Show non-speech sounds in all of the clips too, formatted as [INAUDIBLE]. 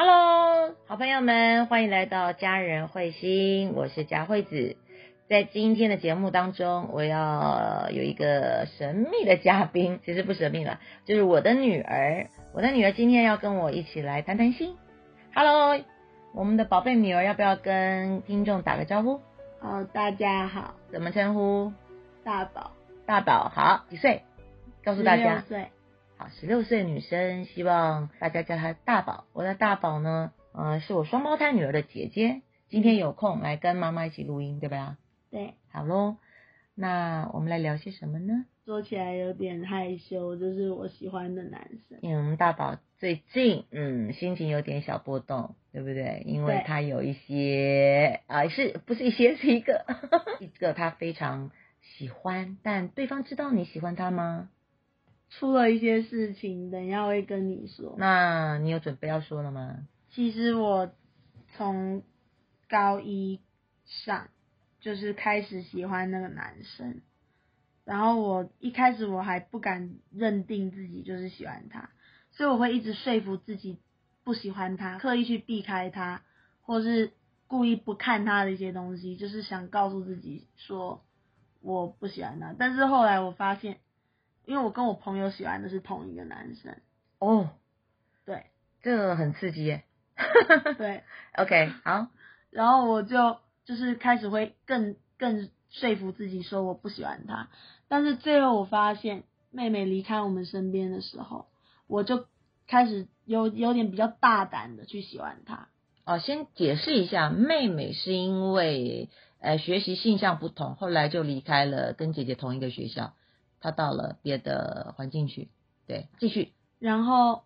哈嘍，好朋友們，歡迎來到家人會心，我是佳慧子。在今天的節目當中，我要有一個神秘的嘉賓，其實不神秘了，就是我的女兒。我的女兒今天要跟我一起來談談心。哈嘍，我們的寶貝女兒，要不要跟聽眾打個招呼？哦，大家好。怎麼稱呼？大寶。大寶，好，幾歲？告訴大家。好，十六歲女生，希望大家叫她大寶。我的大寶呢，呃，是我雙胞胎女兒的姐姐。今天有空來跟媽媽一起錄音，對吧？對，好嘍。那我們來聊些什麼呢？說起來有點害羞，就是我喜歡的男生。嗯，因為我們大寶最近，嗯，心情有點小波動，對不對？因為他有一些，啊，是不是一些是一個 [LAUGHS] 一個他非常喜歡，但對方知道你喜歡他嗎？嗯出了一些事情，等一下我會跟你說。那你有準備要說了嗎？其實我從高一上就是開始喜歡那個男生，然後我一開始我還不敢認定自己就是喜歡他，所以我會一直說服自己不喜歡他，刻意去避開他，或是故意不看他的一些東西，就是想告訴自己說我不喜歡他。但是後來我發現。因為我跟我朋友喜歡的是同一個男生，哦，對，這個很刺激耶， [LAUGHS] 對，OK，好，然後我就就是開始會更更說服自己說我不喜歡他，但是最後我發現妹妹離開我們身邊的時候，我就開始有有點比較大膽的去喜歡他。哦，先解釋一下，妹妹是因為呃學習性向不同，後來就離開了，跟姐姐同一個學校。他到了別的環境去，對，繼續。然後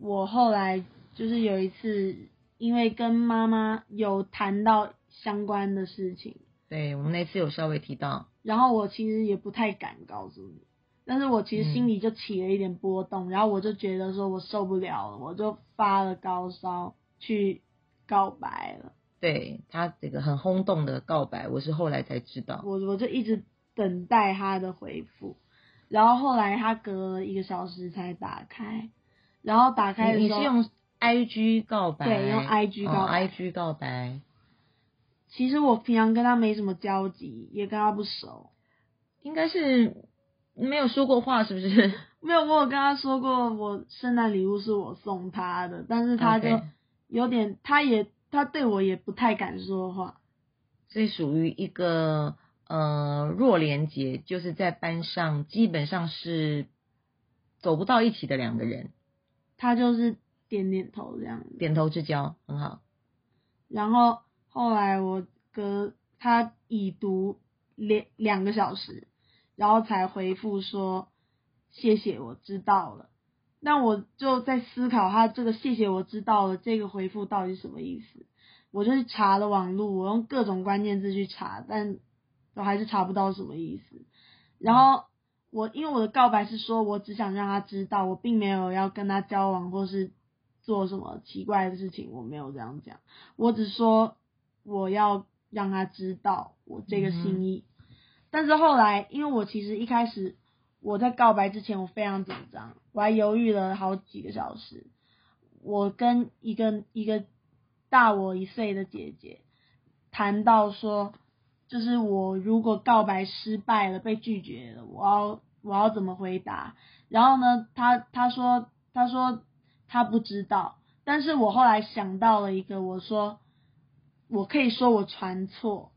我後來就是有一次，因為跟媽媽有談到相關的事情，對，我們那次有稍微提到。然後我其實也不太敢告訴你，但是我其實心裡就起了一點波動，然後我就覺得說我受不了了，我就發了高燒去告白了。對，他這個很轟動的告白，我是後來才知道。我我就一直，等待他的回復，然後後來他隔了一個小時才打開，然後打開的時候，嗯，你是用 I G 告白，對，用 I G 告、哦、I G 告白。其實我平常跟他沒什麼交集，也跟他不熟，應該是沒有說過話，是不是？沒有，我有跟他說過我聖誕禮物是我送他的，但是他就有點，okay, 他也他對我也不太敢說話，這屬於一個。呃，弱連接，就是在班上基本上是走不到一起的兩個人，他就是點點頭這樣，點頭之交，很好。然後後來我跟他已讀兩兩個小時，然後才回復說，謝謝，我知道了。那我就在思考他這個謝謝我知道了這個回復到底是什麼意思？我就去查了網絡，我用各種關鍵字去查，但。我還是查不到什麼意思。然後我因為我的告白是說，我只想讓他知道我並沒有要跟他交往或是做什麼奇怪的事情，我沒有這樣講，我只說我要讓他知道我這個心意。但是後來因為我其實一開始我在告白之前我非常緊張，我還猶豫了好幾個小時。我跟一個一個大我一歲的姐姐談到說，就是我如果告白失敗了，被拒絕了，我要我要怎麼回答？然後呢，他他說他說他不知道，但是我後來想到了一個，我說我可以說我傳錯，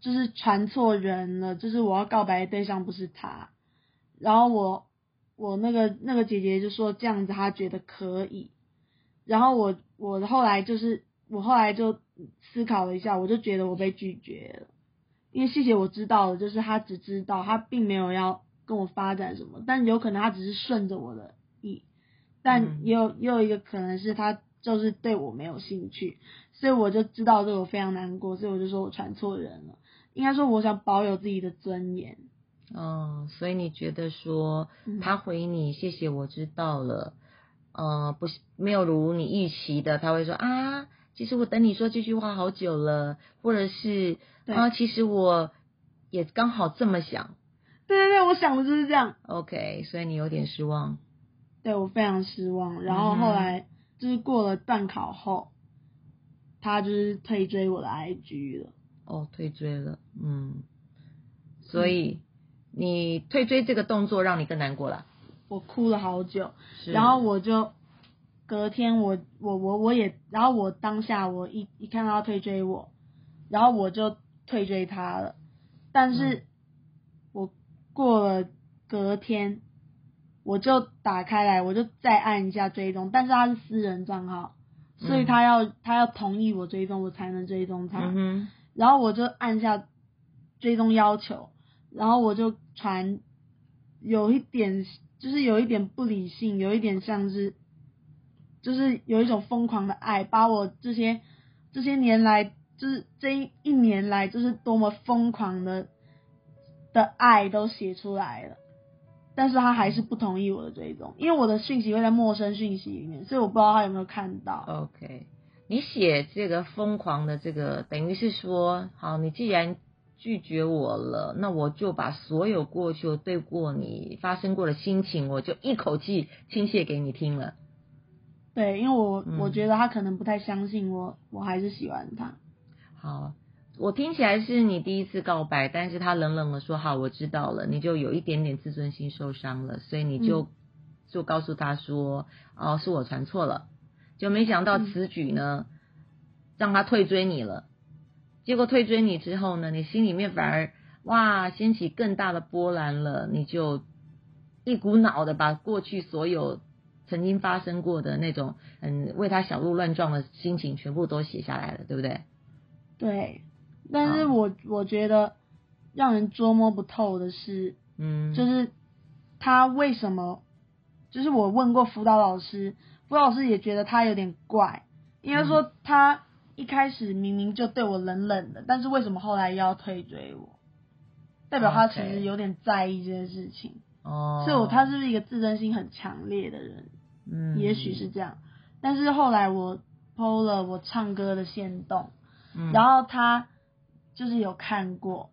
就是傳錯人了，就是我要告白的對象不是他。然後我我那個那個姐姐就說這樣子她覺得可以。然後我我後來就是我後來就思考了一下，我就覺得我被拒絕了。因為謝謝我知道了，就是他只知道他並沒有要跟我發展什麼，但有可能他只是順着我的意，但也有也有一個可能是他就是對我沒有興趣，所以我就知道這個我非常難過，所以我就說我傳錯人了，應該說我想保有自己的尊嚴。哦、嗯，所以你覺得說他回你謝謝我知道了，呃，不是沒有如你預期的，他會說啊。其實我等你說這句話好久了，或者是啊，然後其實我也剛好這麼想。對對對，我想的就是這樣。OK，所以你有點失望。嗯、對我非常失望。然後後來就是過了段考後、嗯，他就是退追我的 IG 了。哦，退追了，嗯。所以、嗯、你退追這個動作讓你更難過了。我哭了好久，然後我就。隔天我我我我也，然後我當下我一一看到他退追我，然後我就退追他了。但是，我過了隔天，我就打開來，我就再按一下追蹤，但是他是私人賬號，所以他要他要同意我追蹤，我才能追蹤他。嗯。然後我就按下追蹤要求，然後我就傳，有一點就是有一點不理性，有一點像是。就是有一種瘋狂的愛，把我這些這些年來，就是這一年來，就是多麼瘋狂的的愛都寫出來了。但是他還是不同意我的這一種，因為我的訊息會在陌生訊息裡面，所以我不知道他有沒有看到。OK，你寫這個瘋狂的這個，等於是說，好，你既然拒絕我了，那我就把所有過去我對過你發生過的心情，我就一口氣傾瀉給你聽了。對，因為我我覺得他可能不太相信我、嗯，我還是喜歡他。好，我聽起來是你第一次告白，但是他冷冷的說，好，我知道了，你就有一點點自尊心受傷了，所以你就、嗯、就告訴他說，哦，是我傳錯了，就沒想到此舉呢、嗯，讓他退追你了。結果退追你之後呢，你心裡面反而哇掀起更大的波瀾了，你就一股腦的把過去所有。曾經發生過的那種嗯，為他小鹿亂撞的心情，全部都寫下來了，對不對？對，但是我、哦、我覺得讓人捉摸不透的是，嗯，就是他為什麼？就是我問過輔導老師，輔導老師也覺得他有點怪，因為說他一開始明明就對我冷冷的、嗯，但是為什麼後來又要退追我？Okay、代表他其實有點在意這件事情。哦、oh，所以我他是不是一個自尊心很強烈的人？嗯，也許是這樣。但是後來我 PO 了我唱歌的限動，嗯，然後他就是有看過，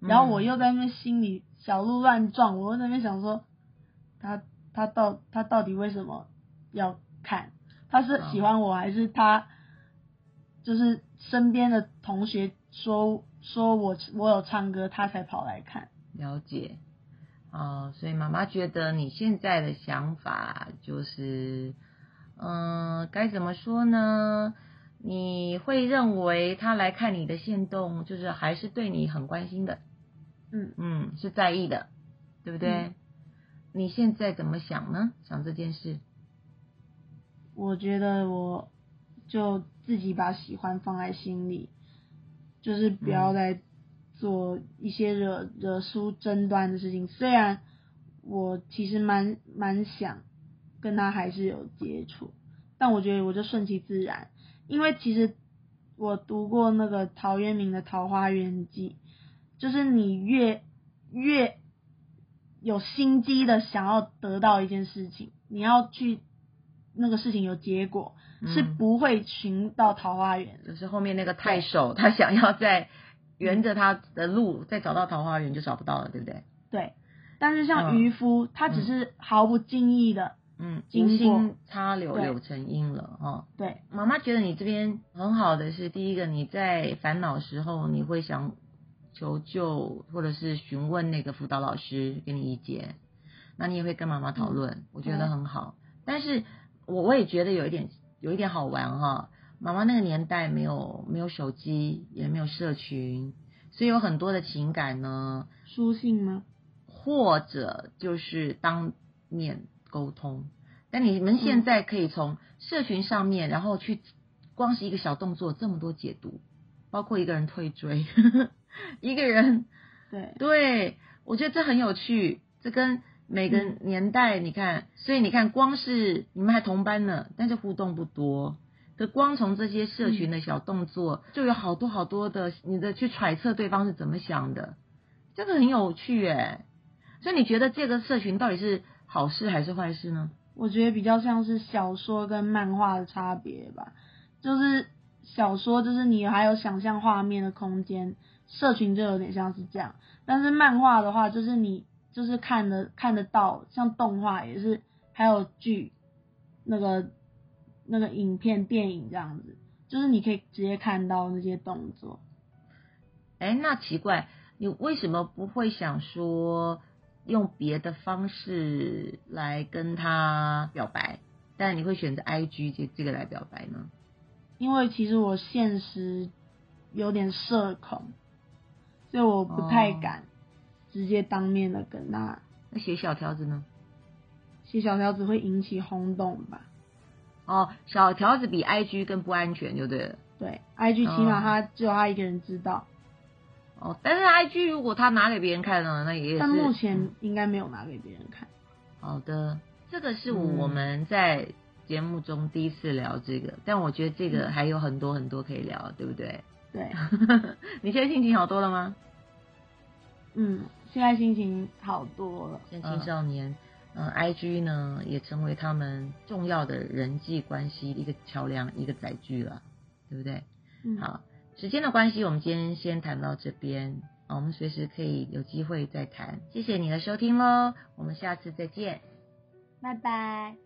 嗯、然後我又在那邊心裡小鹿亂撞，我又在那邊想說，他他到他到底為什麼要看？他是喜歡我、嗯、還是他就是身邊的同學說說我我有唱歌，他才跑來看？了解。哦，所以媽媽覺得你現在的想法就是，嗯、呃，該怎麼說呢？你會認為他來看你的行動，就是還是對你很關心的，嗯嗯，是在意的，對不對、嗯？你現在怎麼想呢？想這件事？我覺得我就自己把喜歡放在心裡，就是不要再、嗯。做一些惹惹出爭端的事情，雖然我其實蠻蠻想跟他還是有接觸，但我覺得我就順其自然，因為其實我讀過那個陶淵明的《桃花源記》，就是你越越有心機的想要得到一件事情，你要去那個事情有結果，嗯、是不會尋到桃花源。可是後面那個太守他想要在。沿着他的路、嗯、再找到桃花源就找不到了，對不對？對。但是像漁夫，嗯、他只是毫不經意的經，嗯，無心插柳柳成蔭了哈、哦。對。媽媽覺得你這邊很好的是，第一個你在煩惱時候，你會想求救或者是詢問那個輔導老師給你意見，那你也會跟媽媽討論，嗯、我覺得很好。但是我我也覺得有一點有一點好玩哈。哦媽媽那個年代沒有沒有手機，也沒有社群，所以有很多的情感呢，書信嗎？或者就是當面溝通。但你們現在可以從社群上面，嗯、然後去光是一個小動作，這麼多解讀，包括一個人退追，呵呵一個人對對，我覺得這很有趣。這跟每個年代，嗯、你看，所以你看，光是你們還同班呢，但是互動不多。的光從這些社群的小動作，嗯、就有好多好多的你的去揣測對方是怎麼想的，這個很有趣哎。所以你覺得這個社群到底是好事還是壞事呢？我覺得比較像是小說跟漫畫的差別吧，就是小說就是你還有想象畫面的空間，社群就有點像是這樣。但是漫畫的話，就是你就是看得看得到，像動畫也是，還有劇那個。那個影片、電影這樣子，就是你可以直接看到那些動作。哎、欸，那奇怪，你為什麼不會想說用別的方式來跟他表白？但你會選擇 IG 這這個來表白呢？因為其實我現實有點社恐，所以我不太敢直接當面的跟他。那寫小條子呢？哦，寫小條子會引起轟動吧？哦，小條子比 IG 更不安全就對了。對，IG 起碼他只有、哦、他一個人知道。哦，但是 IG 如果他拿給別人看了，那也，也是……但目前應該沒有拿給別人看。好的，這個是我們在節目中第一次聊這個、嗯，但我覺得這個還有很多很多可以聊，對不對？對， [LAUGHS] 你現在心情好多了嗎？嗯，現在心情好多了。現在青少年。嗯嗯，IG 呢也成為他們重要的人際關係一個橋梁，一個載具了，對不對？嗯，好，時間的關係，我們今天先談到這邊啊，我們隨時可以有機會再談。謝謝你的收聽嘍，我們下次再見，拜拜。